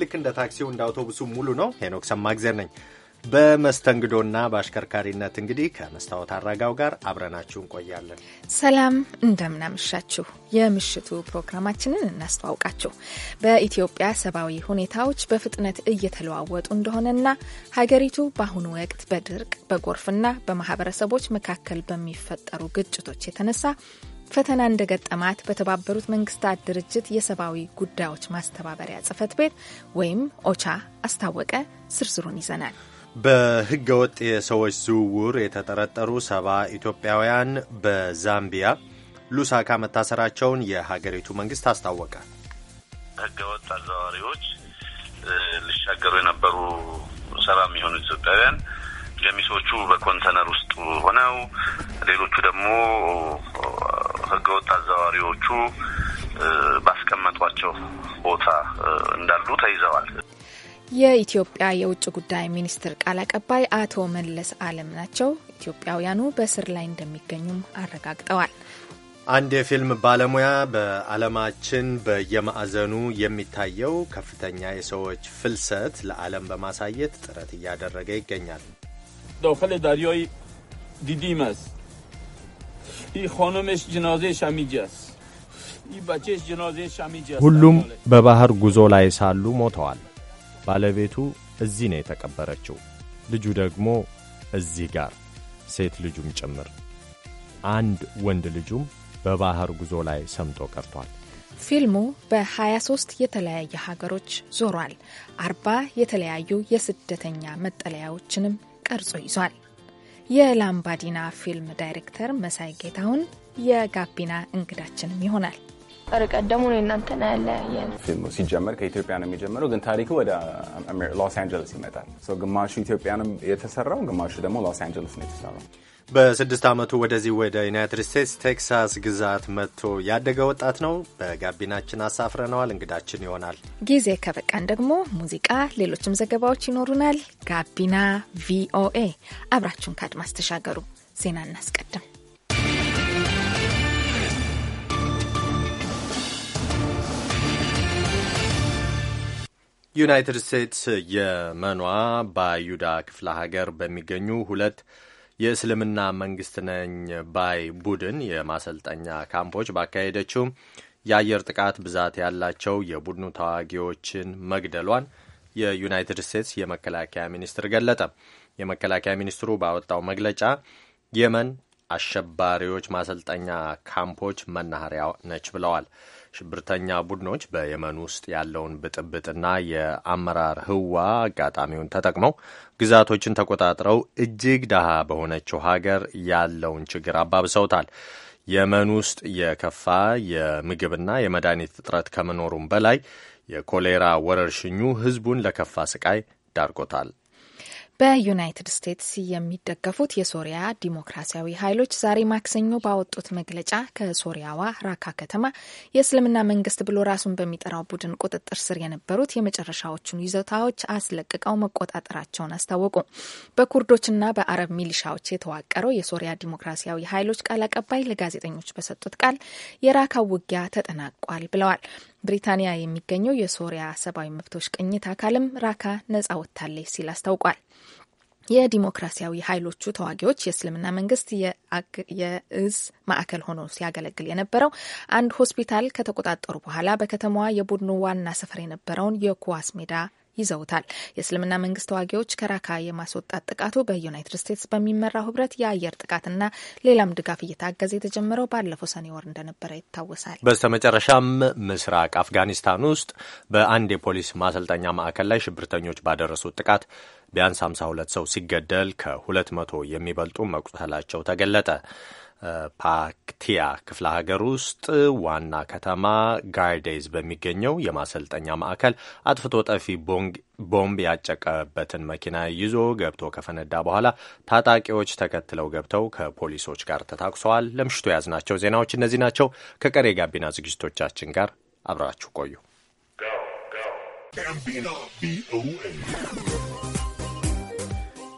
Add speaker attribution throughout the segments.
Speaker 1: ልክ እንደ ታክሲው እንደ አውቶቡሱ ሙሉ ነው። ሄኖክ ሰማግዜር ነኝ። በመስተንግዶና በአሽከርካሪነት እንግዲህ ከመስታወት አራጋው ጋር አብረናችሁ እንቆያለን።
Speaker 2: ሰላም እንደምናመሻችሁ። የምሽቱ ፕሮግራማችንን እናስተዋውቃችሁ። በኢትዮጵያ ሰብአዊ ሁኔታዎች በፍጥነት እየተለዋወጡ እንደሆነና ሀገሪቱ በአሁኑ ወቅት በድርቅ በጎርፍና በማህበረሰቦች መካከል በሚፈጠሩ ግጭቶች የተነሳ ፈተና እንደገጠማት በተባበሩት መንግስታት ድርጅት የሰብአዊ ጉዳዮች ማስተባበሪያ ጽህፈት ቤት ወይም ኦቻ አስታወቀ። ዝርዝሩን ይዘናል።
Speaker 1: በህገ ወጥ የሰዎች ዝውውር የተጠረጠሩ ሰባ ኢትዮጵያውያን በዛምቢያ ሉሳካ መታሰራቸውን የሀገሪቱ መንግስት አስታወቀ።
Speaker 3: ህገ ወጥ አዘዋዋሪዎች ሊሻገሩ የነበሩ ሰባ የሚሆኑ ኢትዮጵያውያን ገሚሶቹ በኮንተነር ውስጥ ሆነው ሌሎቹ ደግሞ ህገወጥ አዘዋዋሪዎቹ ባስቀመጧቸው ቦታ እንዳሉ ተይዘዋል።
Speaker 2: የኢትዮጵያ የውጭ ጉዳይ ሚኒስትር ቃል አቀባይ አቶ መለስ አለም ናቸው። ኢትዮጵያውያኑ በእስር ላይ እንደሚገኙም አረጋግጠዋል።
Speaker 1: አንድ የፊልም ባለሙያ በዓለማችን በየማዕዘኑ የሚታየው ከፍተኛ የሰዎች ፍልሰት ለዓለም በማሳየት ጥረት እያደረገ ይገኛል።
Speaker 3: ዳሪዮይ ዲዲመስ ይህ جنازه
Speaker 1: ጅናዜ ሻሚጃስ ሁሉም በባህር ጉዞ ላይ ሳሉ ሞተዋል። ባለቤቱ እዚህ ነው የተቀበረችው። ልጁ ደግሞ እዚህ ጋር፣ ሴት ልጁም ጭምር። አንድ ወንድ ልጁም በባህር ጉዞ ላይ ሰምጦ
Speaker 2: ቀርቷል። ፊልሙ በ23 የተለያየ ሀገሮች ዞሯል። አርባ የተለያዩ የስደተኛ መጠለያዎችንም ቀርጾ ይዟል። የላምባዲና ፊልም ዳይሬክተር መሳይ ጌታሁን የጋቢና እንግዳችንም ይሆናል። ርቀት ደግሞ እናንተ ያለያየን
Speaker 4: ፊልሙ ሲጀመር ከኢትዮጵያ ነው የሚጀምረው፣ ግን ታሪኩ ወደ ሎስ አንጀለስ ይመጣል። ግማሹ ኢትዮጵያ የተሰራው፣ ግማሹ ደግሞ ሎስ አንጀለስ ነው የተሰራው።
Speaker 1: በስድስት ዓመቱ ወደዚህ ወደ ዩናይትድ ስቴትስ ቴክሳስ ግዛት መጥቶ ያደገ ወጣት ነው። በጋቢናችን አሳፍረነዋል። እንግዳችን ይሆናል።
Speaker 2: ጊዜ ከበቃን ደግሞ ሙዚቃ፣ ሌሎችም ዘገባዎች ይኖሩናል። ጋቢና ቪኦኤ አብራችሁን ከአድማስ ተሻገሩ። ዜና እናስቀድም።
Speaker 1: ዩናይትድ ስቴትስ የመኗ ባይዩዳ ክፍለ ሀገር በሚገኙ ሁለት የእስልምና መንግስት ነኝ ባይ ቡድን የማሰልጠኛ ካምፖች ባካሄደችው የአየር ጥቃት ብዛት ያላቸው የቡድኑ ተዋጊዎችን መግደሏን የዩናይትድ ስቴትስ የመከላከያ ሚኒስትር ገለጠ። የመከላከያ ሚኒስትሩ ባወጣው መግለጫ የመን አሸባሪዎች ማሰልጠኛ ካምፖች መናኸሪያ ነች ብለዋል። ሽብርተኛ ቡድኖች በየመን ውስጥ ያለውን ብጥብጥና የአመራር ህዋ አጋጣሚውን ተጠቅመው ግዛቶችን ተቆጣጥረው እጅግ ደሃ በሆነችው ሀገር ያለውን ችግር አባብሰውታል። የመን ውስጥ የከፋ የምግብና የመድኃኒት እጥረት ከመኖሩም በላይ የኮሌራ ወረርሽኙ ህዝቡን ለከፋ ስቃይ ዳርጎታል።
Speaker 2: በዩናይትድ ስቴትስ የሚደገፉት የሶሪያ ዲሞክራሲያዊ ኃይሎች ዛሬ ማክሰኞ ባወጡት መግለጫ ከሶሪያዋ ራካ ከተማ የእስልምና መንግስት ብሎ ራሱን በሚጠራው ቡድን ቁጥጥር ስር የነበሩት የመጨረሻዎቹን ይዞታዎች አስለቅቀው መቆጣጠራቸውን አስታወቁ። በኩርዶችና በአረብ ሚሊሻዎች የተዋቀረው የሶሪያ ዲሞክራሲያዊ ኃይሎች ቃል አቀባይ ለጋዜጠኞች በሰጡት ቃል የራካው ውጊያ ተጠናቋል ብለዋል። ብሪታንያ የሚገኘው የሶሪያ ሰብአዊ መብቶች ቅኝት አካልም ራካ ነጻ ወጥታለች ሲል አስታውቋል። የዲሞክራሲያዊ ኃይሎቹ ተዋጊዎች የእስልምና መንግስት የእዝ ማዕከል ሆኖ ሲያገለግል የነበረው አንድ ሆስፒታል ከተቆጣጠሩ በኋላ በከተማዋ የቡድኑ ዋና ሰፈር የነበረውን የኩዋስ ሜዳ ይዘውታል። የእስልምና መንግስት ተዋጊዎች ከራካ የማስወጣት ጥቃቱ በዩናይትድ ስቴትስ በሚመራው ህብረት የአየር ጥቃትና ሌላም ድጋፍ እየታገዘ የተጀመረው ባለፈው ሰኔ ወር እንደነበረ ይታወሳል።
Speaker 1: በስተመጨረሻም ምስራቅ አፍጋኒስታን ውስጥ በአንድ የፖሊስ ማሰልጠኛ ማዕከል ላይ ሽብርተኞች ባደረሱት ጥቃት ቢያንስ 52 ሰው ሲገደል ከ መቶ የሚበልጡ መቁሰላቸው ተገለጠ። ፓክቲያ ክፍለ ሀገር ውስጥ ዋና ከተማ ጋርዴዝ በሚገኘው የማሰልጠኛ ማዕከል አጥፍቶ ጠፊ ቦምብ ያጨቀበትን መኪና ይዞ ገብቶ ከፈነዳ በኋላ ታጣቂዎች ተከትለው ገብተው ከፖሊሶች ጋር ተታኩሰዋል። ለምሽቱ የያዝናቸው ዜናዎች እነዚህ ናቸው። ከቀሪ የጋቢና ዝግጅቶቻችን ጋር አብራችሁ ቆዩ።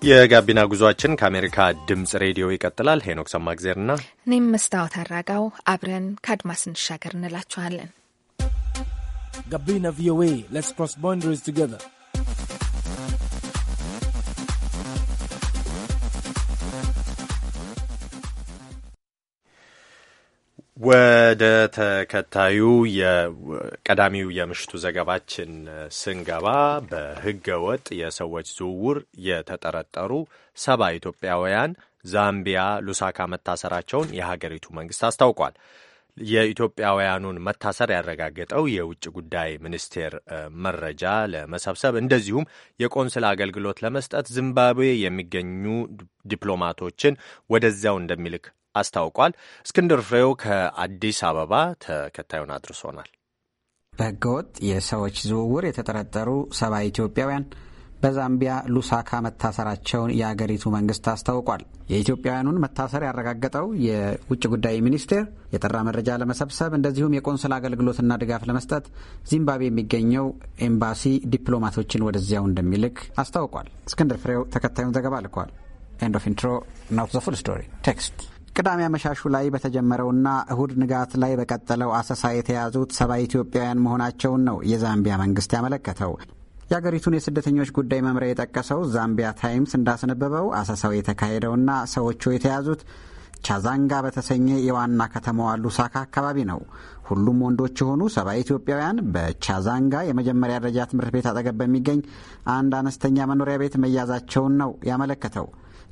Speaker 1: የጋቢና ጉዟችን ከአሜሪካ ድምጽ ሬዲዮ ይቀጥላል። ሄኖክ ሰማግዜርና
Speaker 2: እኔም መስታወት አራጋው አብረን ከአድማስ እንሻገር እንላችኋለን። ጋቢና ቪኦኤ ሌትስ ፕሮስ ባውንደሪስ ቱገር
Speaker 1: ወደ ተከታዩ ቀዳሚው የምሽቱ ዘገባችን ስንገባ በህገ ወጥ የሰዎች ዝውውር የተጠረጠሩ ሰባ ኢትዮጵያውያን ዛምቢያ ሉሳካ መታሰራቸውን የሀገሪቱ መንግስት አስታውቋል። የኢትዮጵያውያኑን መታሰር ያረጋገጠው የውጭ ጉዳይ ሚኒስቴር መረጃ ለመሰብሰብ እንደዚሁም የቆንስል አገልግሎት ለመስጠት ዚምባብዌ የሚገኙ ዲፕሎማቶችን ወደዚያው እንደሚልክ አስታውቋል። እስክንድር ፍሬው ከአዲስ አበባ ተከታዩን አድርሶናል።
Speaker 5: በህገወጥ የሰዎች ዝውውር የተጠረጠሩ ሰባ ኢትዮጵያውያን በዛምቢያ ሉሳካ መታሰራቸውን የአገሪቱ መንግስት አስታውቋል። የኢትዮጵያውያኑን መታሰር ያረጋገጠው የውጭ ጉዳይ ሚኒስቴር የጠራ መረጃ ለመሰብሰብ እንደዚሁም የቆንስል አገልግሎትና ድጋፍ ለመስጠት ዚምባብዌ የሚገኘው ኤምባሲ ዲፕሎማቶችን ወደዚያው እንደሚልክ አስታውቋል። እስክንድር ፍሬው ተከታዩን ዘገባ ልኳል። ኤንድ ኦፍ ኢንትሮ ናት ዘ ፉል ስቶሪ ቴክስት ቅዳሜ አመሻሹ ላይ በተጀመረውና እሁድ ንጋት ላይ በቀጠለው አሰሳ የተያዙት ሰባ ኢትዮጵያውያን መሆናቸውን ነው የዛምቢያ መንግስት ያመለከተው። የአገሪቱን የስደተኞች ጉዳይ መምሪያ የጠቀሰው ዛምቢያ ታይምስ እንዳስነበበው አሰሳው የተካሄደውና ሰዎቹ የተያዙት ቻዛንጋ በተሰኘ የዋና ከተማዋ ሉሳካ አካባቢ ነው። ሁሉም ወንዶች የሆኑ ሰባ ኢትዮጵያውያን በቻዛንጋ የመጀመሪያ ደረጃ ትምህርት ቤት አጠገብ በሚገኝ አንድ አነስተኛ መኖሪያ ቤት መያዛቸውን ነው ያመለከተው።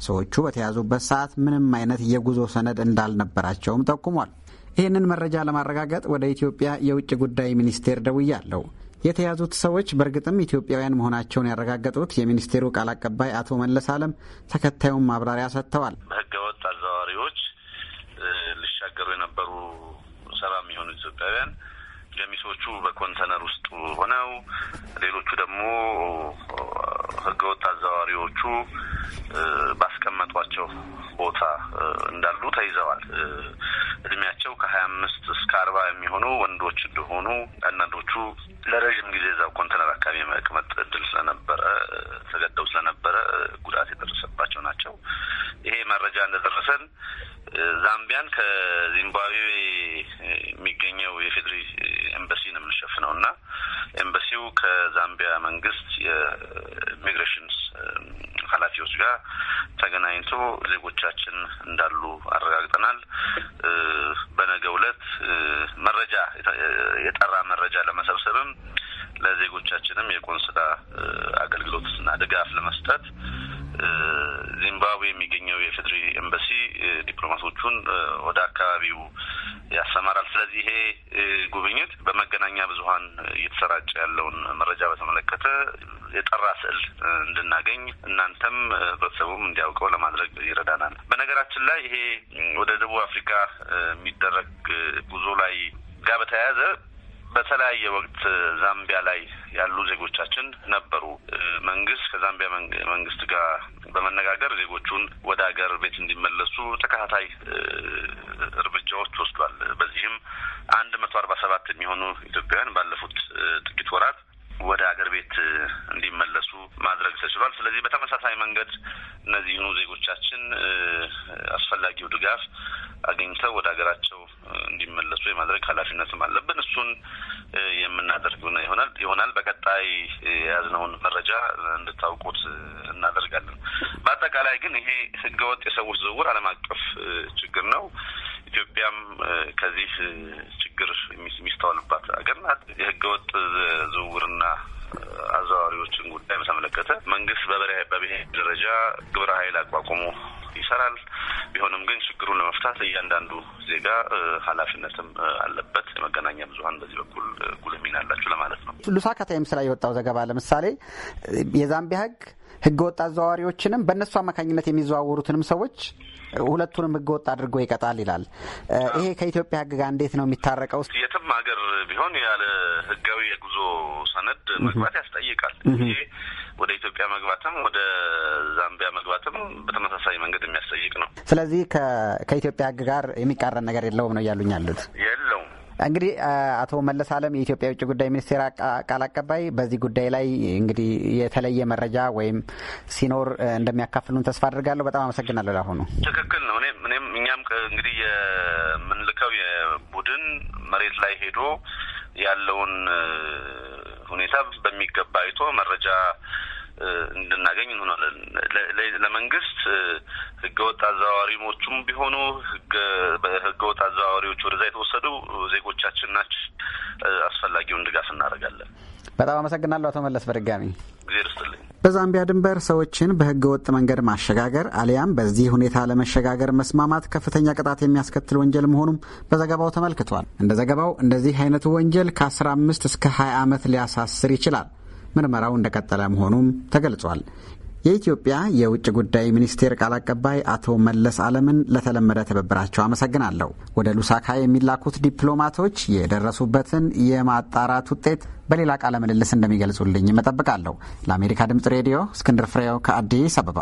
Speaker 5: ሰዎቹ በተያዙበት ሰዓት ምንም አይነት የጉዞ ሰነድ እንዳልነበራቸውም ጠቁሟል። ይህንን መረጃ ለማረጋገጥ ወደ ኢትዮጵያ የውጭ ጉዳይ ሚኒስቴር ደውያለሁ። የተያዙት ሰዎች በእርግጥም ኢትዮጵያውያን መሆናቸውን ያረጋገጡት የሚኒስቴሩ ቃል አቀባይ አቶ መለስ አለም ተከታዩን ማብራሪያ ሰጥተዋል። በህገወጥ
Speaker 3: አዘዋዋሪዎች ሊሻገሩ የነበሩ ሰላም የሚሆኑ ኢትዮጵያውያን ገሚሶቹ በኮንተነር ውስጥ ሆነው ሌሎቹ ደግሞ ህገወጥ አዘዋዋሪዎቹ ያላቸው ቦታ እንዳሉ ተይዘዋል። እድሜያቸው ከሀያ አምስት እስከ አርባ የሚሆኑ ወንዶች እንደሆኑ አንዳንዶቹ ለረዥም ጊዜ እዛው ኮንቴነር አካባቢ የመቅመጥ እድል ስለነበረ ተገደው ስለነበረ ጉዳት የደረሰባቸው ናቸው። ይሄ መረጃ እንደደረሰን ዛምቢያን ከ ብዙሀን እየተሰራጨ ያለውን መረጃ በተመለከተ የጠራ ስዕል እንድናገኝ እናንተም ህብረተሰቡም እንዲያውቀው ለማድረግ ይረዳናል። በነገራችን ላይ ይሄ ወደ ደቡብ አፍሪካ የሚደረግ ጉዞ ላይ ጋር በተያያዘ በተለያየ ወቅት ዛምቢያ ላይ ያሉ ዜጎቻችን ነበሩ። መንግስት ከዛምቢያ መንግስት ጋር በመነጋገር ዜጎቹን ወደ ሀገር ቤት እንዲመለሱ ተከታታይ እርምጃዎች ወስዷል። በዚህም አንድ መቶ አርባ ሰባት የሚሆኑ ኢትዮጵያውያን ባለፉት ጥቂት ወራት ወደ ሀገር ቤት እንዲመለሱ ማድረግ ተችሏል። ስለዚህ በተመሳሳይ መንገድ እነዚህኑ ዜጎቻችን አስፈላጊው ድጋፍ አግኝተው ወደ ሀገራቸው እንዲመለሱ የማድረግ ኃላፊነትም አለብን። እሱን የምናደርግ ይሆናል ይሆናል በቀጣይ የያዝነውን መረጃ እንድታውቁት እናደርጋለን። በአጠቃላይ ግን ይሄ ህገወጥ የሰዎች ዝውውር ዓለም አቀፍ ችግር ነው። ኢትዮጵያም ከዚህ ችግር የሚስተዋልባት ሀገር ናት። የህገወጥ ዝውውርና አዘዋዋሪዎችን ጉዳይ በተመለከተ መንግስት በብሔር ደረጃ ግብረ ኃይል አቋቁሞ ይሰራል። ቢሆንም ግን ችግሩን ለመፍታት እያንዳንዱ ዜጋ ኃላፊነትም አለበት። የመገናኛ ብዙኃን በዚህ በኩል ጉልህ ሚና አላችሁ ለማለት
Speaker 5: ነው። ሉሳካ ታይምስ ላይ የወጣው ዘገባ ለምሳሌ የዛምቢያ ህግ ህገወጥ አዘዋዋሪዎችንም በእነሱ አማካኝነት የሚዘዋወሩትንም ሰዎች ሁለቱንም ህገወጥ አድርጎ ይቀጣል ይላል። ይሄ ከኢትዮጵያ ህግ ጋር እንዴት ነው የሚታረቀው? የትም
Speaker 3: ሀገር ቢሆን ያለ ህጋዊ የጉዞ ሰነድ መግባት ያስጠይቃል። ይሄ ወደ ኢትዮጵያ መግባትም ወደ ዛምቢያ መግባትም በተመሳሳይ መንገድ የሚያስጠይቅ ነው።
Speaker 5: ስለዚህ ከኢትዮጵያ ህግ ጋር የሚቃረን ነገር የለውም ነው እያሉኝ ያሉት የለውም እንግዲህ አቶ መለስ አለም የኢትዮጵያ የውጭ ጉዳይ ሚኒስቴር ቃል አቀባይ በዚህ ጉዳይ ላይ እንግዲህ የተለየ መረጃ ወይም ሲኖር እንደሚያካፍሉን ተስፋ አድርጋለሁ። በጣም አመሰግናለሁ። ለአሁኑ ትክክል
Speaker 3: ነው። እኔም እኛም እንግዲህ የምንልከው የቡድን መሬት ላይ ሄዶ ያለውን ሁኔታ በሚገባ አይቶ መረጃ እንድናገኝ እንሆናለን። ለመንግስት ህገወጥ አዘዋዋሪሞቹም ቢሆኑ ህገወጥ አዘዋዋሪዎች ወደዛ የተወሰዱ ዜጎቻችን ናቸው።
Speaker 5: አስፈላጊውን ድጋፍ እናደርጋለን። በጣም አመሰግናለሁ አቶ መለስ በድጋሚ ጊዜ ርስትልኝ። በዛምቢያ ድንበር ሰዎችን በህገ ወጥ መንገድ ማሸጋገር አሊያም በዚህ ሁኔታ ለመሸጋገር መስማማት ከፍተኛ ቅጣት የሚያስከትል ወንጀል መሆኑም በዘገባው ተመልክቷል። እንደ ዘገባው እንደዚህ አይነቱ ወንጀል ከ15 እስከ 20 ዓመት ሊያሳስር ይችላል። ምርመራው እንደቀጠለ መሆኑም ተገልጿል። የኢትዮጵያ የውጭ ጉዳይ ሚኒስቴር ቃል አቀባይ አቶ መለስ አለምን ለተለመደ ትብብራቸው አመሰግናለሁ። ወደ ሉሳካ የሚላኩት ዲፕሎማቶች የደረሱበትን የማጣራት ውጤት በሌላ ቃለ ምልልስ እንደሚገልጹልኝ እጠብቃለሁ። ለአሜሪካ ድምጽ ሬዲዮ እስክንድር ፍሬው ከአዲስ አበባ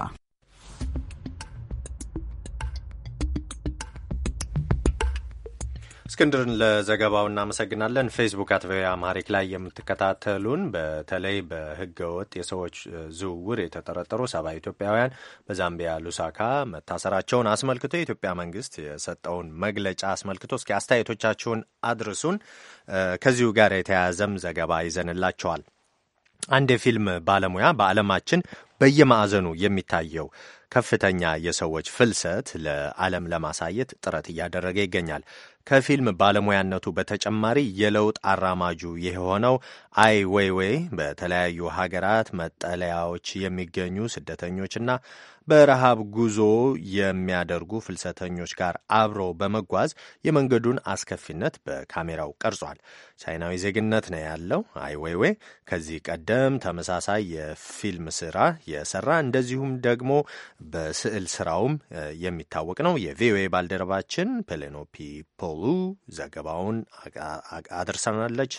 Speaker 1: እስክንድርን ለዘገባው እናመሰግናለን። ፌስቡክ አት ቪኦኤ አማሪክ ላይ የምትከታተሉን በተለይ በህገ ወጥ የሰዎች ዝውውር የተጠረጠሩ ሰባ ኢትዮጵያውያን በዛምቢያ ሉሳካ መታሰራቸውን አስመልክቶ የኢትዮጵያ መንግስት የሰጠውን መግለጫ አስመልክቶ እስኪ አስተያየቶቻችሁን አድርሱን። ከዚሁ ጋር የተያያዘም ዘገባ ይዘንላቸዋል። አንድ የፊልም ባለሙያ በዓለማችን በየማዕዘኑ የሚታየው ከፍተኛ የሰዎች ፍልሰት ለዓለም ለማሳየት ጥረት እያደረገ ይገኛል። ከፊልም ባለሙያነቱ በተጨማሪ የለውጥ አራማጁ የሆነው አይ ወይ በተለያዩ ሀገራት መጠለያዎች የሚገኙ ስደተኞችና በረሃብ ጉዞ የሚያደርጉ ፍልሰተኞች ጋር አብሮ በመጓዝ የመንገዱን አስከፊነት በካሜራው ቀርጿል። ቻይናዊ ዜግነት ነው ያለው አይ ከዚህ ቀደም ተመሳሳይ የፊልም ስራ የሰራ እንደዚሁም ደግሞ በስዕል ስራውም የሚታወቅ ነው። የቪኦኤ ባልደረባችን ፔሌኖፒ ፖሉ ዘገባውን አድርሰናለች።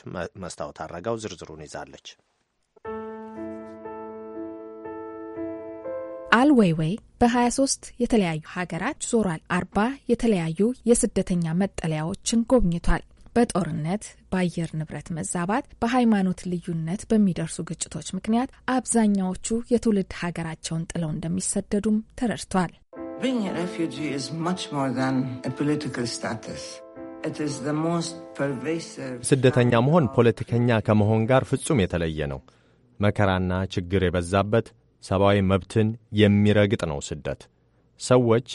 Speaker 1: መስታወት አረጋው ዝርዝሩን ይዛለች።
Speaker 2: ወይወይ በ23 የተለያዩ ሀገራት ዞሯል። አርባ የተለያዩ የስደተኛ መጠለያዎችን ጎብኝቷል። በጦርነት በአየር ንብረት መዛባት፣ በሃይማኖት ልዩነት በሚደርሱ ግጭቶች ምክንያት አብዛኛዎቹ የትውልድ ሀገራቸውን ጥለው እንደሚሰደዱም ተረድቷል።
Speaker 1: ስደተኛ መሆን ፖለቲከኛ ከመሆን ጋር ፍጹም የተለየ ነው። መከራና ችግር የበዛበት ሰብአዊ መብትን የሚረግጥ ነው ስደት። ሰዎች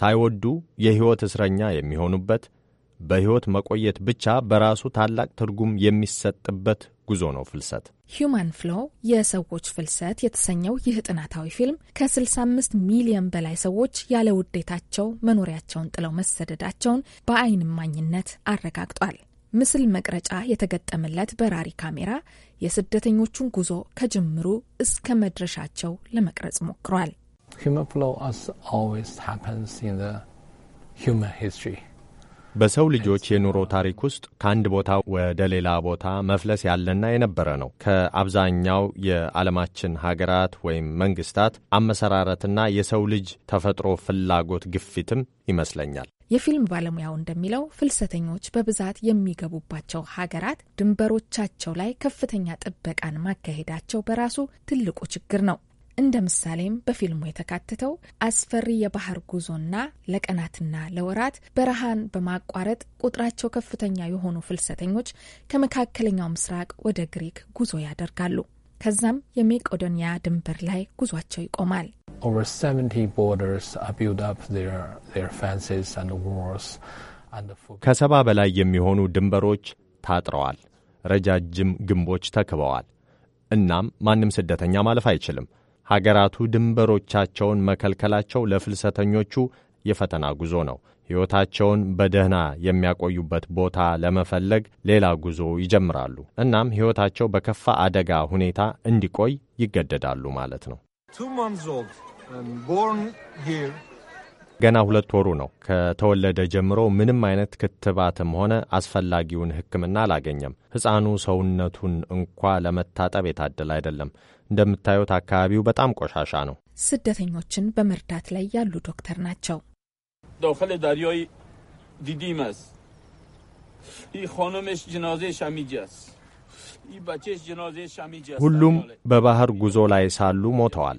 Speaker 1: ሳይወዱ የሕይወት እስረኛ የሚሆኑበት በሕይወት መቆየት ብቻ በራሱ ታላቅ ትርጉም የሚሰጥበት ጉዞ ነው ፍልሰት።
Speaker 2: ሂዩማን ፍሎ የሰዎች ፍልሰት የተሰኘው ይህ ጥናታዊ ፊልም ከ65 ሚሊዮን በላይ ሰዎች ያለ ውዴታቸው መኖሪያቸውን ጥለው መሰደዳቸውን በአይን እማኝነት አረጋግጧል። ምስል መቅረጫ የተገጠመለት በራሪ ካሜራ የስደተኞቹን ጉዞ ከጅምሩ እስከ መድረሻቸው ለመቅረጽ ሞክሯል።
Speaker 1: በሰው ልጆች የኑሮ ታሪክ ውስጥ ከአንድ ቦታ ወደ ሌላ ቦታ መፍለስ ያለና የነበረ ነው። ከአብዛኛው የዓለማችን ሀገራት ወይም መንግስታት አመሰራረትና የሰው ልጅ ተፈጥሮ ፍላጎት ግፊትም ይመስለኛል።
Speaker 2: የፊልም ባለሙያው እንደሚለው ፍልሰተኞች በብዛት የሚገቡባቸው ሀገራት ድንበሮቻቸው ላይ ከፍተኛ ጥበቃን ማካሄዳቸው በራሱ ትልቁ ችግር ነው። እንደ ምሳሌም በፊልሙ የተካተተው አስፈሪ የባህር ጉዞና ለቀናትና ለወራት በረሃን በማቋረጥ ቁጥራቸው ከፍተኛ የሆኑ ፍልሰተኞች ከመካከለኛው ምስራቅ ወደ ግሪክ ጉዞ ያደርጋሉ። ከዛም የሜቄዶኒያ ድንበር ላይ ጉዟቸው ይቆማል።
Speaker 1: ከሰባ በላይ የሚሆኑ ድንበሮች ታጥረዋል። ረጃጅም ግንቦች ተክበዋል። እናም ማንም ስደተኛ ማለፍ አይችልም። ሀገራቱ ድንበሮቻቸውን መከልከላቸው ለፍልሰተኞቹ የፈተና ጉዞ ነው። ሕይወታቸውን በደህና የሚያቆዩበት ቦታ ለመፈለግ ሌላ ጉዞ ይጀምራሉ። እናም ሕይወታቸው በከፋ አደጋ ሁኔታ እንዲቆይ ይገደዳሉ ማለት ነው። um, ገና ሁለት ወሩ ነው። ከተወለደ ጀምሮ ምንም አይነት ክትባትም ሆነ አስፈላጊውን ሕክምና አላገኘም። ሕፃኑ ሰውነቱን እንኳ ለመታጠብ የታደለ አይደለም። እንደምታዩት አካባቢው በጣም ቆሻሻ ነው።
Speaker 2: ስደተኞችን በመርዳት ላይ ያሉ ዶክተር ናቸው።
Speaker 3: ሁሉም
Speaker 1: በባህር ጉዞ ላይ ሳሉ ሞተዋል።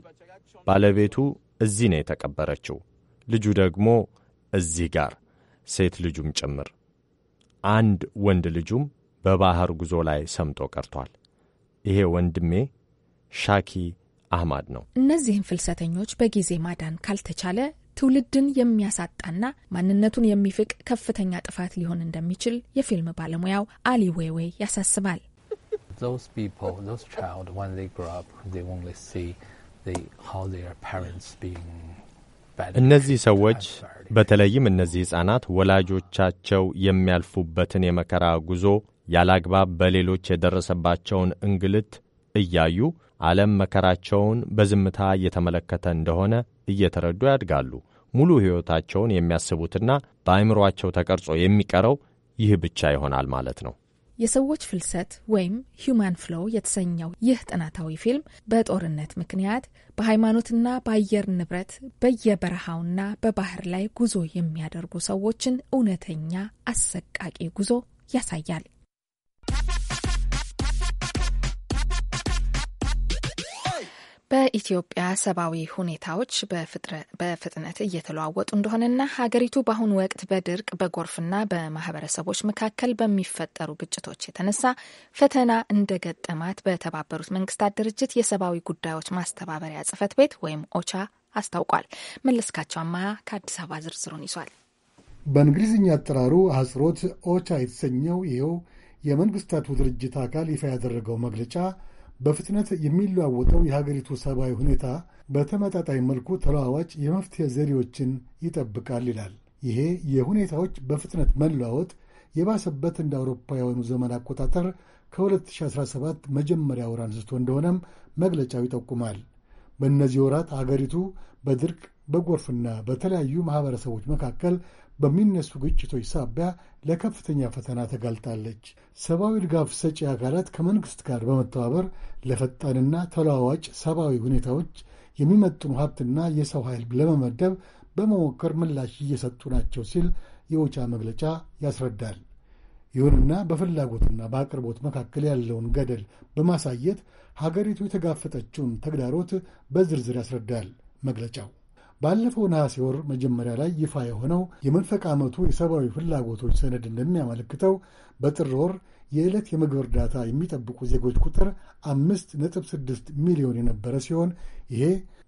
Speaker 1: ባለቤቱ እዚህ ነው የተቀበረችው። ልጁ ደግሞ እዚህ ጋር፣ ሴት ልጁም ጭምር። አንድ ወንድ ልጁም በባህር ጉዞ ላይ ሰምጦ ቀርቷል። ይሄ ወንድሜ ሻኪ
Speaker 2: አህማድ ነው። እነዚህን ፍልሰተኞች በጊዜ ማዳን ካልተቻለ ትውልድን የሚያሳጣና ማንነቱን የሚፍቅ ከፍተኛ ጥፋት ሊሆን እንደሚችል የፊልም ባለሙያው አሊ ዌይዌ ያሳስባል።
Speaker 1: እነዚህ ሰዎች በተለይም እነዚህ ሕፃናት ወላጆቻቸው የሚያልፉበትን የመከራ ጉዞ ያላግባብ በሌሎች የደረሰባቸውን እንግልት እያዩ ዓለም መከራቸውን በዝምታ እየተመለከተ እንደሆነ እየተረዱ ያድጋሉ። ሙሉ ሕይወታቸውን የሚያስቡትና በአእምሮአቸው ተቀርጾ የሚቀረው ይህ ብቻ ይሆናል ማለት ነው።
Speaker 2: የሰዎች ፍልሰት ወይም ሂውማን ፍሎው የተሰኘው ይህ ጥናታዊ ፊልም በጦርነት ምክንያት በሃይማኖትና በአየር ንብረት በየበረሃውና በባህር ላይ ጉዞ የሚያደርጉ ሰዎችን እውነተኛ አሰቃቂ ጉዞ ያሳያል። በኢትዮጵያ ሰብአዊ ሁኔታዎች በፍጥነት እየተለዋወጡ እንደሆነና ሀገሪቱ በአሁኑ ወቅት በድርቅ በጎርፍና በማህበረሰቦች መካከል በሚፈጠሩ ግጭቶች የተነሳ ፈተና እንደገጠማት በተባበሩት መንግስታት ድርጅት የሰብአዊ ጉዳዮች ማስተባበሪያ ጽህፈት ቤት ወይም ኦቻ አስታውቋል። መለስካቸው አማሃ ከአዲስ አበባ ዝርዝሩን ይዟል።
Speaker 6: በእንግሊዝኛ አጠራሩ አህጽሮት ኦቻ የተሰኘው ይኸው የመንግስታቱ ድርጅት አካል ይፋ ያደረገው መግለጫ በፍጥነት የሚለዋወጠው የሀገሪቱ ሰብአዊ ሁኔታ በተመጣጣኝ መልኩ ተለዋዋጭ የመፍትሄ ዘዴዎችን ይጠብቃል ይላል። ይሄ የሁኔታዎች በፍጥነት መለዋወጥ የባሰበት እንደ አውሮፓውያኑ ዘመን አቆጣጠር ከ2017 መጀመሪያ ወር አንስቶ እንደሆነም መግለጫው ይጠቁማል። በእነዚህ ወራት አገሪቱ በድርቅ በጎርፍና በተለያዩ ማኅበረሰቦች መካከል በሚነሱ ግጭቶች ሳቢያ ለከፍተኛ ፈተና ተጋልጣለች። ሰብአዊ ድጋፍ ሰጪ አካላት ከመንግሥት ጋር በመተባበር ለፈጣንና ተለዋዋጭ ሰብአዊ ሁኔታዎች የሚመጥኑ ሀብትና የሰው ኃይል ለመመደብ በመሞከር ምላሽ እየሰጡ ናቸው ሲል የውጫ መግለጫ ያስረዳል። ይሁንና በፍላጎትና በአቅርቦት መካከል ያለውን ገደል በማሳየት ሀገሪቱ የተጋፈጠችውን ተግዳሮት በዝርዝር ያስረዳል መግለጫው። ባለፈው ነሐሴ ወር መጀመሪያ ላይ ይፋ የሆነው የመንፈቅ ዓመቱ የሰብአዊ ፍላጎቶች ሰነድ እንደሚያመለክተው በጥር ወር የዕለት የምግብ እርዳታ የሚጠብቁ ዜጎች ቁጥር አምስት ነጥብ ስድስት ሚሊዮን የነበረ ሲሆን ይሄ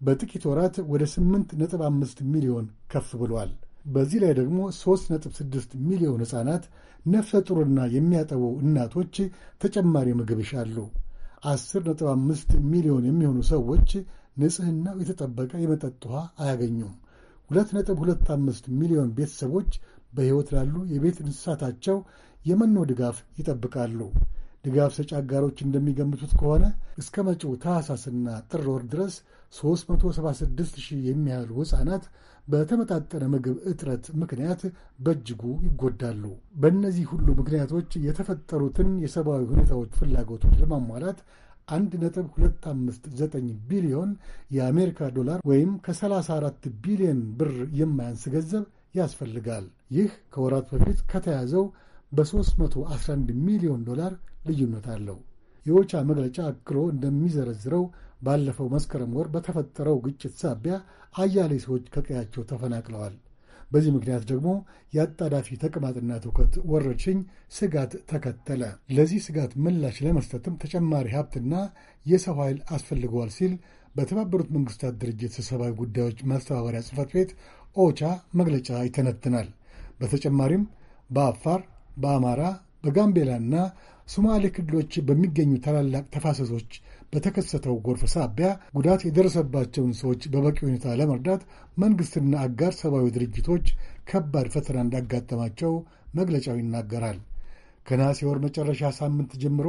Speaker 6: በጥቂት ወራት ወደ ስምንት ነጥብ አምስት ሚሊዮን ከፍ ብሏል። በዚህ ላይ ደግሞ ሦስት ነጥብ ስድስት ሚሊዮን ሕፃናት፣ ነፍሰ ጡርና የሚያጠቡ እናቶች ተጨማሪ ምግብ ይሻሉ። አስር ነጥብ አምስት ሚሊዮን የሚሆኑ ሰዎች ንጽህናው የተጠበቀ የመጠጥ ውሃ አያገኙም። 2.25 ሚሊዮን ቤተሰቦች በሕይወት ላሉ የቤት እንስሳታቸው የመኖ ድጋፍ ይጠብቃሉ። ድጋፍ ሰጪ አጋሮች እንደሚገምቱት ከሆነ እስከ መጪው ታህሳስና ጥር ወር ድረስ 376 ሺህ የሚያህሉ ሕፃናት በተመጣጠነ ምግብ እጥረት ምክንያት በእጅጉ ይጎዳሉ። በእነዚህ ሁሉ ምክንያቶች የተፈጠሩትን የሰብአዊ ሁኔታዎች ፍላጎቶች ለማሟላት 1.259 ቢሊዮን የአሜሪካ ዶላር ወይም ከ34 ቢሊዮን ብር የማያንስ ገንዘብ ያስፈልጋል። ይህ ከወራት በፊት ከተያዘው በ311 ሚሊዮን ዶላር ልዩነት አለው። የኦቻ መግለጫ አክሎ እንደሚዘረዝረው ባለፈው መስከረም ወር በተፈጠረው ግጭት ሳቢያ አያሌ ሰዎች ከቀያቸው ተፈናቅለዋል። በዚህ ምክንያት ደግሞ የአጣዳፊ ተቅማጥና ትውከት ወረርሽኝ ስጋት ተከተለ። ለዚህ ስጋት ምላሽ ለመስጠትም ተጨማሪ ሀብትና የሰው ኃይል አስፈልገዋል ሲል በተባበሩት መንግስታት ድርጅት ስብሰባዊ ጉዳዮች ማስተባበሪያ ጽህፈት ቤት ኦቻ መግለጫ ይተነትናል። በተጨማሪም በአፋር፣ በአማራ፣ በጋምቤላና ሶማሌ ክልሎች በሚገኙ ታላላቅ ተፋሰሶች በተከሰተው ጎርፍ ሳቢያ ጉዳት የደረሰባቸውን ሰዎች በበቂ ሁኔታ ለመርዳት መንግሥትና አጋር ሰብአዊ ድርጅቶች ከባድ ፈተና እንዳጋጠማቸው መግለጫው ይናገራል። ከነሐሴ ወር መጨረሻ ሳምንት ጀምሮ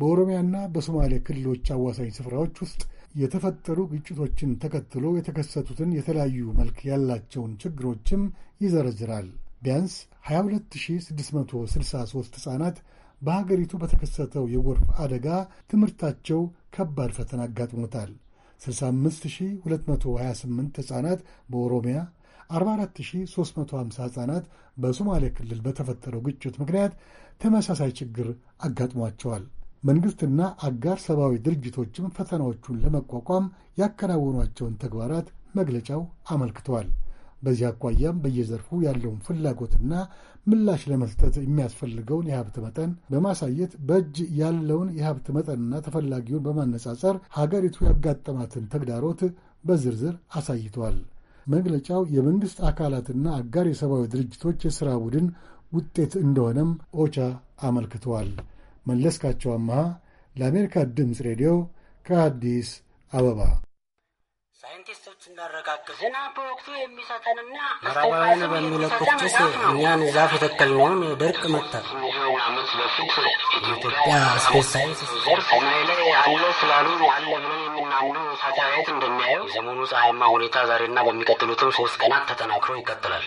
Speaker 6: በኦሮሚያና በሶማሌ ክልሎች አዋሳኝ ስፍራዎች ውስጥ የተፈጠሩ ግጭቶችን ተከትሎ የተከሰቱትን የተለያዩ መልክ ያላቸውን ችግሮችም ይዘረዝራል። ቢያንስ 22663 ሕፃናት በሀገሪቱ በተከሰተው የጎርፍ አደጋ ትምህርታቸው ከባድ ፈተና አጋጥሞታል። 65228 ሕፃናት በኦሮሚያ፣ 44350 ሕፃናት በሶማሌ ክልል በተፈጠረው ግጭት ምክንያት ተመሳሳይ ችግር አጋጥሟቸዋል። መንግሥትና አጋር ሰብአዊ ድርጅቶችም ፈተናዎቹን ለመቋቋም ያከናወኗቸውን ተግባራት መግለጫው አመልክተዋል። በዚህ አኳያም በየዘርፉ ያለውን ፍላጎትና ምላሽ ለመስጠት የሚያስፈልገውን የሀብት መጠን በማሳየት በእጅ ያለውን የሀብት መጠንና ተፈላጊውን በማነጻጸር ሀገሪቱ ያጋጠማትን ተግዳሮት በዝርዝር አሳይቷል። መግለጫው የመንግሥት አካላትና አጋር የሰብአዊ ድርጅቶች የሥራ ቡድን ውጤት እንደሆነም ኦቻ አመልክተዋል። መለስካቸው አመሃ ለአሜሪካ ድምፅ ሬዲዮ ከአዲስ አበባ
Speaker 7: ሳይንቲስቶች እንዳረጋግጥ ዝናብ በወቅቱ የሚሰጠንና ምዕራባውያን በሚለቁት ጭስ እኛን
Speaker 5: ዛፍ የተከልነውን ድርቅ መጥተን
Speaker 7: የኢትዮጵያ ስፔስ ሳይንስ ዘርፍ ሰማይ ላይ አለ ስላሉ አለ ብለን የምናምነው ሳተላይት እንደሚያየው የዘመኑ ፀሐይማ ሁኔታ ዛሬና በሚቀጥሉትም ሶስት ቀናት ተጠናክሮ ይቀጥላል።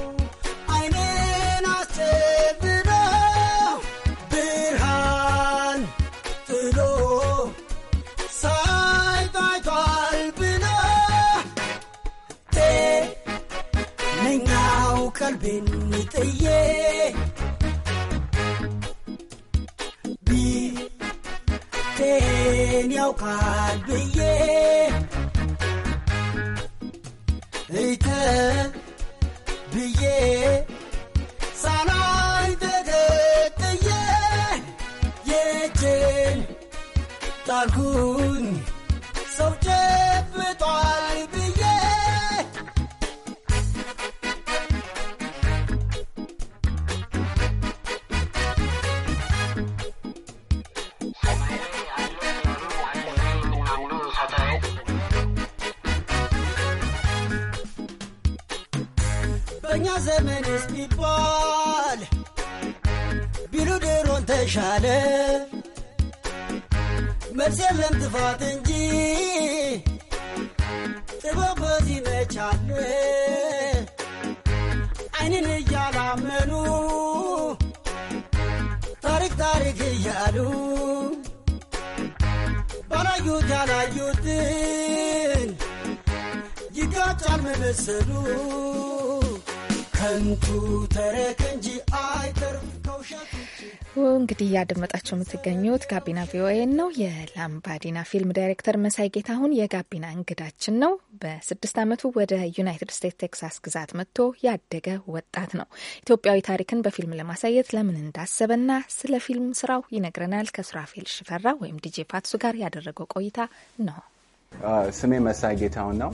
Speaker 7: እንጥዬ ቢቴን ያውካል ብዬ ዘመንስ ቢባል ቢሉ ድሮን ተሻለ መልስ የለም ጥፋት እንጂ ጥበብ በዚህ መቻለ አይንን እያላመኑ ታሪክ ታሪክ እያሉ ባላዩት ያላዩትን ይጋጫል መመሰሉ ከንቱ ተረክ እንጂ አይተርፍ
Speaker 2: እንግዲህ እያደመጣቸው የምትገኙት ጋቢና ቪኦኤ ነው። የላምባዲና ፊልም ዳይሬክተር መሳይ ጌታሁን የጋቢና እንግዳችን ነው። በስድስት ዓመቱ ወደ ዩናይትድ ስቴትስ ቴክሳስ ግዛት መጥቶ ያደገ ወጣት ነው። ኢትዮጵያዊ ታሪክን በፊልም ለማሳየት ለምን እንዳሰበና ስለ ፊልም ስራው ይነግረናል። ከሱራፌል ሽፈራ ወይም ዲጄ ፋትሱ ጋር ያደረገው ቆይታ ነው።
Speaker 4: ስሜ መሳይ ጌታሁን ነው።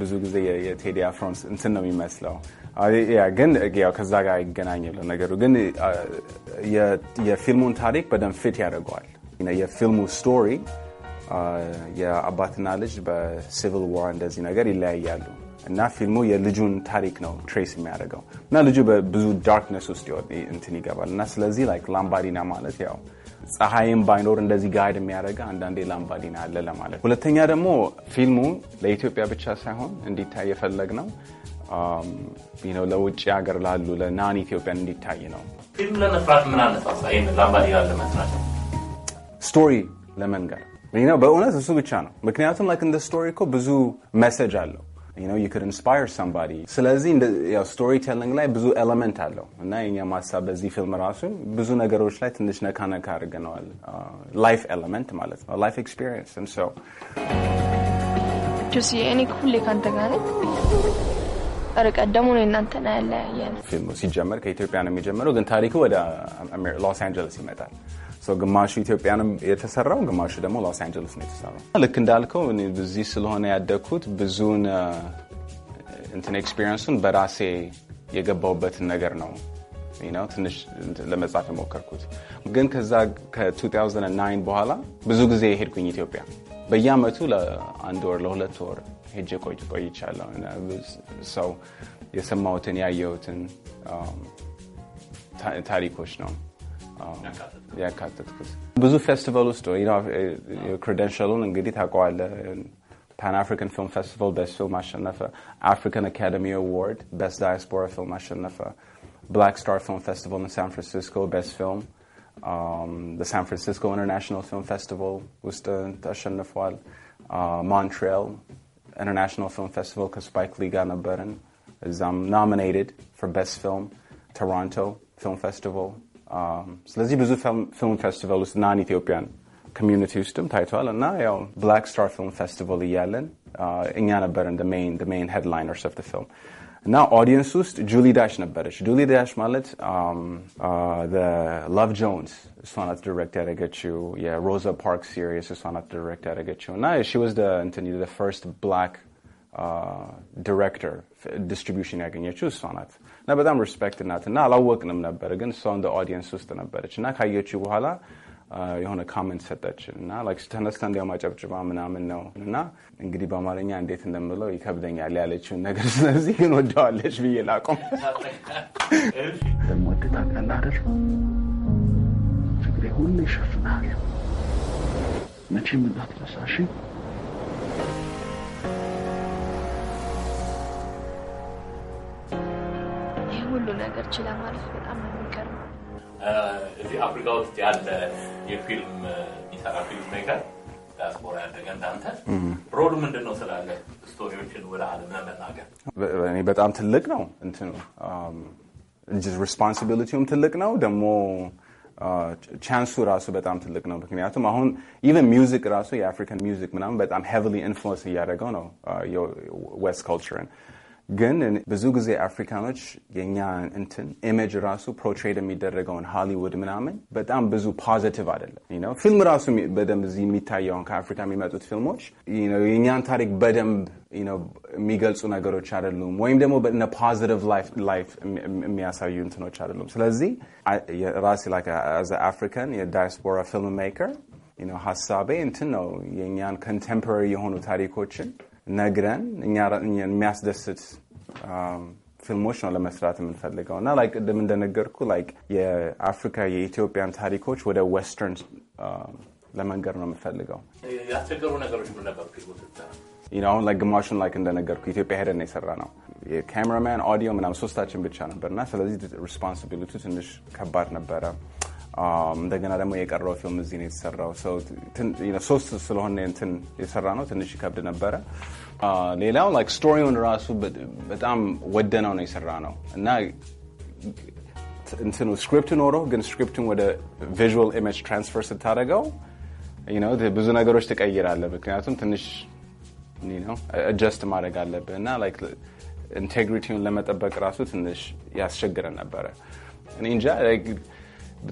Speaker 4: ብዙ ጊዜ የቴዲ አፍሮን እንትን ነው የሚመስለው ግን ያው ከዛ ጋር አይገናኝም። ነገሩ ግን የፊልሙን ታሪክ በደንብ ፊት ያደርገዋል። የፊልሙ ስቶሪ የአባትና ልጅ በሲቪል ዋር እንደዚህ ነገር ይለያያሉ። እና ፊልሙ የልጁን ታሪክ ነው ትሬስ የሚያደርገው እና ልጁ በብዙ ዳርክነስ ውስጥ እንትን ይገባል እና ስለዚህ ላይክ ላምባዲና ማለት ያው ፀሐይም ባይኖር እንደዚህ ጋይድ የሚያደርገ አንዳንዴ ላምባዲና አለ ለማለት። ሁለተኛ ደግሞ ፊልሙ ለኢትዮጵያ ብቻ ሳይሆን እንዲታይ የፈለግ ነው ነው um, ለውጭ ሀገር ላሉ ለናን ኢትዮጵያን እንዲታይ ነው።
Speaker 3: ፊልም ለመስራት ምን አነሳሳ? ላምባዲና ለመስራት
Speaker 4: ስቶሪ ለመንገር በእውነት እሱ ብቻ ነው። ምክንያቱም ላይክ እንደ ስቶሪ እኮ ብዙ መሰጅ አለው ስለዚህ ያው ስቶሪ ቴሊንግ ላይ ብዙ ኤለመንት አለው እና የኛ ማሳብ በዚህ ፊልም ራሱ ብዙ ነገሮች ላይ ትንሽ ነካ ነካ አድርገነዋል። ላይፍ ኤለመንት ማለት ነው። ላይፍ ኤክስፒሪየንስ ሰው
Speaker 2: ሁሌ ካንተ ጋር ቀደሙ ነው እናንተ
Speaker 4: ፊልሙ ሲጀመር ከኢትዮጵያ ነው የሚጀምረው፣ ግን ታሪኩ ወደ ሎስ አንጀለስ ይመጣል። ግማሹ ኢትዮጵያ ነው የተሰራው፣ ግማሹ ደግሞ ሎስ አንጀለስ ነው የተሰራው። ልክ እንዳልከው እዚህ ስለሆነ ያደግኩት ብዙን እንትን ኤክስፒሪየንሱን በራሴ የገባውበትን ነገር ነው ነው ትንሽ ለመጻፍ የሞከርኩት። ግን ከዛ ከ2009 በኋላ ብዙ ጊዜ የሄድኩኝ ኢትዮጵያ በየአመቱ ለአንድ ወር ለሁለት ወር ሄጄ ቆይቻለሁ። ሰው የሰማሁትን ያየሁትን ታሪኮች ነው ያካተትኩት ብዙ ፌስቲቫል ውስጥ ክሬደንሻሉን እንግዲህ ታውቀዋለህ። ፓን አፍሪካን ፊልም ፌስቲቫል ቤስት ፊልም አሸነፈ። አፍሪካን አካደሚ አዋርድ ቤስት ዳያስፖራ ፊልም አሸነፈ። ብላክ ስታር ፊልም ፌስቲቫል ኢን ሳን ፍራንሲስኮ ቤስት ፊልም፣ ሳን ፍራንሲስኮ ኢንተርናሽናል ፊልም ፌስቲቫል ውስጥ ተሸንፏል። ሞንትሪያል ኢንተርናሽናል ፊልም ፌስቲቫል ከስፓይክ ሊ ጋር ነበርን። እዛም ኖሚኔትድ ፎር ቤስት ፊልም ቶሮንቶ ፊልም ፌስቲቫል Um, ስለዚህ ብዙ ፊልም ፌስቲቫል ውስጥ ናን ኢትዮጵያን ኮሚዩኒቲ ውስጥም ታይቷል። እና ያው ብላክ ስታር ፊልም ፌስቲቫል እያለን uh, እኛ ነበርን ሜን ሄድላይነርስ ኦፍ ፊልም እና ኦዲየንስ ውስጥ ጁሊ ዳሽ ነበረች። ጁሊ ዳሽ ማለት ላቭ ጆንስ እሷ ናት ዲሬክት ያደረገችው። የሮዛ ፓርክ ሲሪስ እሷ ናት ዲሬክት ያደረገችው እና ሺ ዋዝ ፈርስት ብላክ ዲሬክተር ዲስትሪቢሽን ያገኘችው እሷ ናት። እና በጣም ሪስፔክት ናት እና አላወቅንም ነበር፣ ግን እሷ እንደ ኦዲየንስ ውስጥ ነበረች እና ካየችው በኋላ የሆነ ካመንት ሰጠች እና ተነስተ እንዲያውም ማጨብጭባ ምናምን ነው እና እንግዲህ በአማርኛ እንዴት እንደምለው ይከብደኛል ያለችውን ነገር። ስለዚህ ግን ወደዋለች ብዬ ላቆም
Speaker 7: ደሞ ወድታቀላደር ፍቅሬ ሁሉ ይሸፍናል መቼም እንዳትረሳሽኝ
Speaker 2: ይህ ሁሉ ነገር ችላ ማለት በጣም ነው የሚገርመው።
Speaker 3: እዚህ አፍሪካ ውስጥ ያለ የፊልም የሚሰራ ፊልም ሜከር ዲያስፖራ ያደገ እንዳንተ ሮሉ ምንድን ነው ስላለ ስቶሪዎችን ወደ ዓለም ለመናገር
Speaker 4: እኔ በጣም ትልቅ ነው እንትኑ ሪስፖንሲቢሊቲውም ትልቅ ነው ደግሞ ቻንሱ ራሱ በጣም ትልቅ ነው። ምክንያቱም አሁን ኢቨን ሚውዚክ ራሱ የአፍሪካን ሚውዚክ ምናምን በጣም ሄቪሊ ኢንፍሉንስ እያደረገው ነው ዌስት ካልቸርን ግን ብዙ ጊዜ አፍሪካኖች የኛ እንትን ኢሜጅ ራሱ ፕሮትሬድ የሚደረገውን ሆሊውድ ምናምን በጣም ብዙ ፖዚቲቭ አይደለም። ፊልም ራሱ በደንብ እዚህ የሚታየውን ከአፍሪካ የሚመጡት ፊልሞች የእኛን ታሪክ በደንብ የሚገልጹ ነገሮች አይደሉም፣ ወይም ደግሞ ፖዚቲቭ ላይፍ የሚያሳዩ እንትኖች አይደሉም። ስለዚህ ራሴ አፍሪካን የዳያስፖራ ፊልም ሜከር ሀሳቤ እንትን ነው የእኛን ኮንቴምፖራሪ የሆኑ ታሪኮችን ነግረን የሚያስደስት ፊልሞች ነው ለመስራት የምንፈልገው እና ላይክ ቅድም እንደነገርኩ ላይክ የአፍሪካ የኢትዮጵያን ታሪኮች ወደ ዌስተርን ለመንገር ነው የምንፈልገው።
Speaker 3: ያስቸገሩ ነገሮች ምን ነበሩ?
Speaker 4: አሁን ላይ ግማሹን ላይክ እንደነገርኩ ኢትዮጵያ ሄደን የሰራ ነው። የካሜራማን ኦዲዮ ምናምን ሶስታችን ብቻ ነበር እና ስለዚህ ሪስፖንሲቢሊቲ ትንሽ ከባድ ነበረ። እንደገና ደግሞ የቀረው ፊልም እዚህ ነው የተሰራው። ሶስት ስለሆነ እንትን የሰራ ነው ትንሽ ይከብድ ነበረ። ሌላው ላይክ ስቶሪውን ራሱ በጣም ወደነው ነው የሰራ ነው እና እንትኑ ስክሪፕት ኖሮ ግን ስክሪፕቱን ወደ ቪዥዋል ኢሜጅ ትራንስፈር ስታደርገው ብዙ ነገሮች ትቀይራለ ምክንያቱም ትንሽ አጀስት ማድረግ አለብህ እና ኢንቴግሪቲውን ለመጠበቅ ራሱ ትንሽ ያስቸግረን ነበረ እንጃ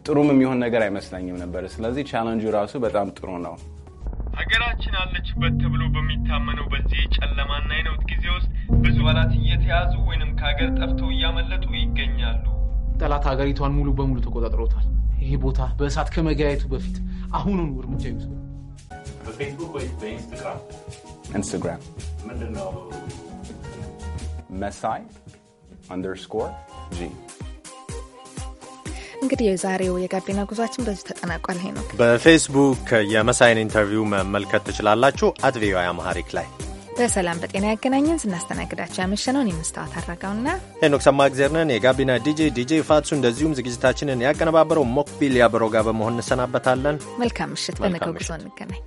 Speaker 4: ጥሩም የሚሆን ነገር አይመስለኝም ነበር። ስለዚህ ቻለንጁ ራሱ በጣም ጥሩ ነው። ሀገራችን አለችበት
Speaker 1: ተብሎ በሚታመነው በዚህ ጨለማና የነውጥ ጊዜ ውስጥ ብዙ አላት እየተያዙ ወይንም ከሀገር ጠፍተው እያመለጡ ይገኛሉ።
Speaker 4: ጠላት ሀገሪቷን ሙሉ በሙሉ ተቆጣጥሮታል። ይሄ ቦታ በእሳት ከመገያየቱ በፊት አሁኑን እርምጃ ይውሰዱ። በፌስቡክ ወይ ኢንስታግራም ምንድነው? መሳይ አንደርስኮር ጂ
Speaker 2: እንግዲህ የዛሬው የጋቢና ጉዟችን በዚህ ተጠናቋል። ነው
Speaker 1: በፌስቡክ የመሳይን ኢንተርቪው መመልከት ትችላላችሁ። አት ቪኦኤ አማሪክ ላይ
Speaker 2: በሰላም በጤና ያገናኘን። ስናስተናግዳቸው ያመሸነውን የመስታወት አድረገውና
Speaker 1: ሄኖክ ሰማ እግዜርነን የጋቢና ዲጄ ዲጄ ፋትሱ እንደዚሁም ዝግጅታችንን ያቀነባበረው ሞክቢል ያበሮጋ በመሆን እንሰናበታለን።
Speaker 2: መልካም ምሽት። በነገው ጉዞ እንገናኝ።